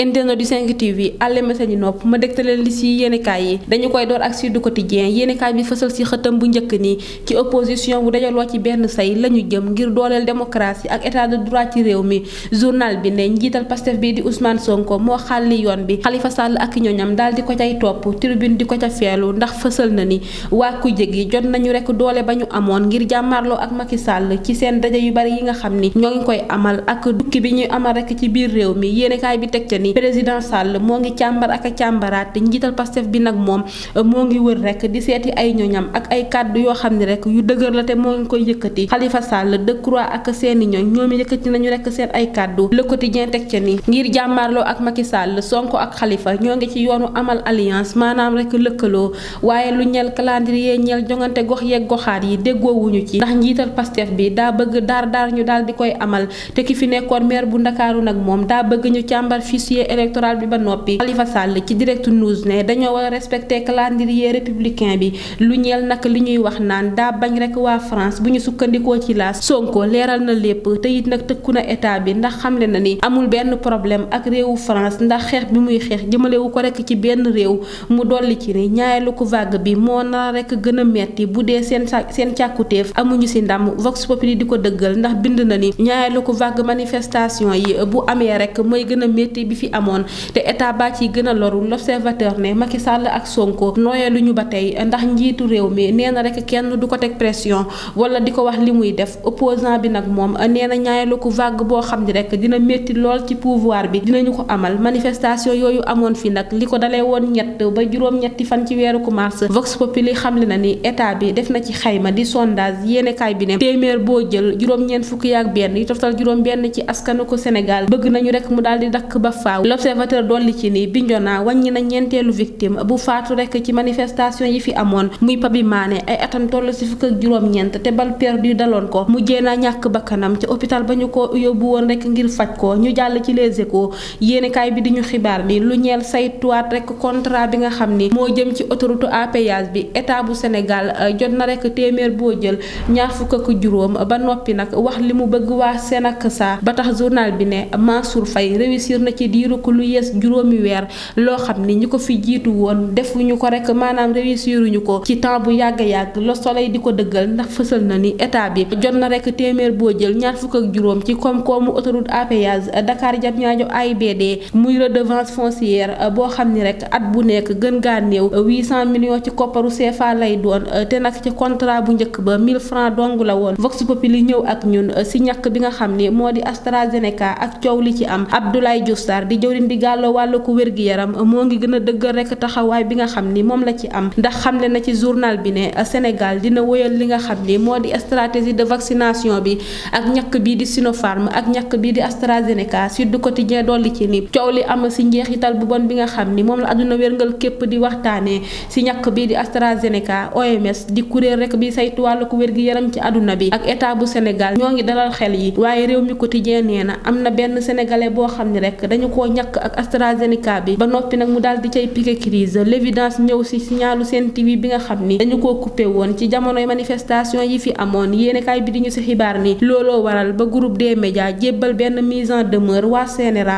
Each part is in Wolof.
internet du 5 TV àllema seeni nopp ma dégtaleen li si yéenekaay yi dañu koy door ak Sud Quotidien yéenekaay bi fësal si xëtam bu njëkk ni ci opposition bu dajaloo ci benn say la ñu jëm ngir dooleel démocratie ak état du droit ci réew mi journal bi ne njiital Pastef bi di Ousmane Sonko moo xàlli yoon bi Khalifa Sall ak ñoñam daal di ko cay topp tribune di ko ca feelu ndax fësal na ni waa ku jegi jot nañu rek doole ba ñu amoon ngir jàmmaarloo ak Macky Sall ci seen daje yu bari yi nga xam ni ñoo ngi koy amal ak dukki bi ñuy amal rek ci biir mi yéenekaay bi teg ca ni président Sall moo ngi càmbar ak a càmbaraat njiital Pastef bi nag moom euh, moo ngi wër rek di seeti ay ñoñam ak ay kàddu yoo xam ne rek yu dëgër la te moo ngi koy yëkkati Khalifa Sall Decroix ak seeni ñoñ ñoom yëkkati nañu rek seen ay kàddu Le Quotidien teg ni ngir jàmmaarloo ak Macky Sall Sonko ak Khalifa ñoo ngi ci yoonu amal alliance maanaam rek lëkkaloo waaye lu ñeel calendrier ñeel jongante gox yeeg goxaat yi déggoowuñu ci ndax njiital bi daa bëgg daar daar ñu daal di koy fichier électoral bi ba noppi Khalifa Sall ci direct news ne dañoo war a respecter calendrier républicain bi lu ñeel nag li ñuy wax naan daa bañ rek waa France bu ñu sukkandikoo ci laas Sonko leeral na lépp te it nag tëkku na état bi ndax xamle na ni amul benn problème ak réewu France ndax xeex bi muy xeex jëmalewu ko rek ci benn réew mu dolli ci ni ñaareelu ko vague bi moo naa rek gën a metti bu dee seen seen càkkutéef amuñu si ndam Vox Populi di ko dëggal ndax bind fi amoon te état ba ci gën a loru l'observateur ne Macky Sall ak Sonko nooyee lu ñu ba tey ndax njiitu réew mi nee na rek kenn du ko teg pression wala di ko wax li muy def opposant bi nag moom nee na ñaareelu ko vague boo xam ni rek dina métti lool ci pouvoir bi dinañu ko amal manifestation yooyu amoon fi nag li ko dalee woon ñett ba juróom-ñetti fan ci weeru ko mars Vox Populi xamle na ni état bi def na ci xayma di sondage yéenekaay bi ne téeméer boo jël juróom-ñeent fukki benn yi toftal juróom benn ci askanu Sénégal faaw l'observateur dolli ci ni Bignona wàññi na ñeenteelu victime bu faatu rek ci manifestation yi fi amoon muy Pabi Mané ay atam toll si fukk ak juróom-ñeent te bal perdu daloon ko mujjee na ñàkk bakkanam ci hôpital ba ñu ko yóbbu woon rek ngir faj ko ñu jàll ci les échos yéenekaay bi di ñu xibaar ni lu ñeel saytuwaat rek contrat bi nga xam ni moo jëm ci autoroute à péage bi état bu Sénégal euh, jot na rek téeméer boo jël ñaar fukk ak juróom ba noppi nag wax li mu bëgg waa Sénacsa ba tax bi ne diiru ko lu yees juróomi weer loo xam ni ñi ko fi jiitu woon defuñu ko rek maanaam réussiruñu ko ci temps bu yàgg yàgg Le Soleil di ko dëggal ndax fësal na ni état bi jot na rek téeméer boo jël ñaar fukk ak juróom ci koom-koomu autoroute à péage Dakar Diamniadio AIBD muy redevance foncière boo xam ni rek at bu nekk gën gaa néew 800 millions ci kopparu CFA lay doon te nag ci contrat bu njëkk ba mille francs dong la woon Vox li ñëw ak ñun si ñàkk bi nga xam ni moo di AstraZeneca ak coow li ci am Abdoulaye Diouf di jëwriñ bi gàlloo wàllu ko wér gi yaram moo ngi gën a dëggal rek taxawaay bi nga xam ni moom la ci am ndax xamle na ci journal bi ne Sénégal dina wëyal li nga xam ni moo di stratégie de vaccination bi ak ñàkk bii di Sinopharm ak ñàkk bii di si AstraZeneca Sud Quotidien dolli ci ni coow li am si njeexital bu bon bi nga xam ni moom la àdduna wérngal képp di waxtaanee si ñàkk bii di AstraZeneca OMS di kuréel rek bi saytu wàll ko wér gi yaram ci àdduna bi ak état bu Sénégal ñoo ngi dalal xel yi koo ñàkk ak AstraZeneca bi ba noppi nag mu daal di cay l' évidence ñëw si signalu Sen TV bi nga xam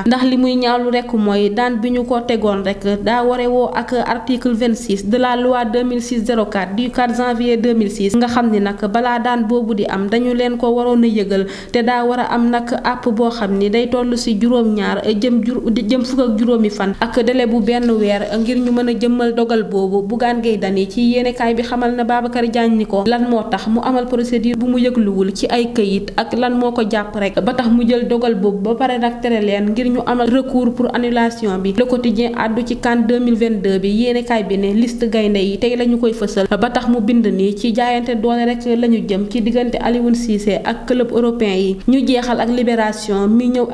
ndax li muy ñaawlu rek mooy daan bi ñu ko tegoon rek daa ware woo ak article 26 de la loi 2006 04 du 4 janvier 2006 nga xam ni nag balaa daan boobu di am dañu leen ko waroon a yëgal te daa war a am nag àpp boo xam ni day toll si juróom-ñaar jëm jëm fukk ak juróomi fan ak délai bu benn weer ngir ñu mën a jëmmal dogal boobu Bougane Gueye Dany ci yéenekaay bi xamal na Babacar Diagne ni ko lan moo tax mu amal procédure bu mu yëgluwul ci ay kayit ak lan moo ko jàpp rek ba tax mu jël dogal boobu ba pare nag tere leen ngir ñu amal recours pour annulation bi Le Quotidien àddu ci CAN 2022 bi yéenekaay bi ne liste gaynde yi tey lañu koy fësal ba tax mu bind nii ci jaayante doole rek lañu jëm ci diggante Alioune Cissé ak club européen yi ñu jeexal ak libération mi ñëw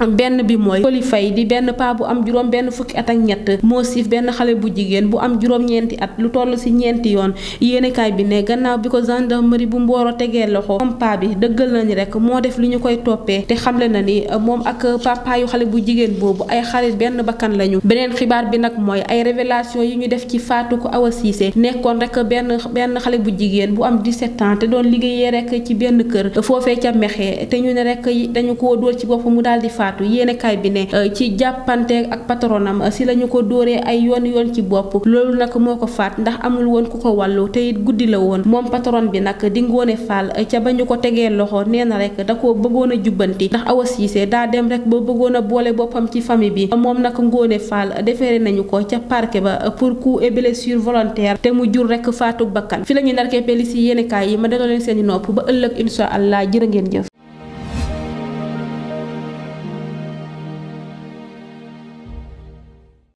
xibaar benn bi mooy Coly Faye di benn paa bu am juróom benn fukki at ak ñett moo siif benn xale bu jigéen bu am juróom-ñeenti at lu toll ci ñeenti yoon yéenekaay bi ne gannaaw bi ko gendarmerie bu mbooroo tegee loxo moom paa bi dëggal nañu rekk moo def li ñu koy toppee te xamle na ni moom ak papaayu xale bu jigéen boobu ay xarit benn bakkan lañu beneen xibaar bi nag mooy ay révélation yu ñu def ci faatu ko Awa Cissé nekkoon rekk benn benn xale bu jigéen bu am 17 ans te doon liggéeyee rekk ci benn kër foofee ca Mexe te ñu ne rekk dañu ko dóor ci bopp mu daldi faatu yéenekaay bi ne euh, ci jàppante ak patronam euh, si la ñu ko dóoree ay yoon yoon ci bopp loolu nag moo ko faat ndax amul woon ku ko wàllu te it guddi la woon moom patron bi nag di ngoone faal euh, ca ba ñu ko tegee loxo nee na rek da koo bëggoon a jubbanti ndax Awa Siise daa dem rek ba bëggoon a boole boppam ci famille bi moom nag ngoone faal defeere nañu ko ca parquet ba pour coup et blessure volontaire te mu jur rek faatu bakkan fi la ñuy narkee pelisi yéenekaay yi ma delloo leen seeni nopp ba ëllëg incha allah ngeen jëf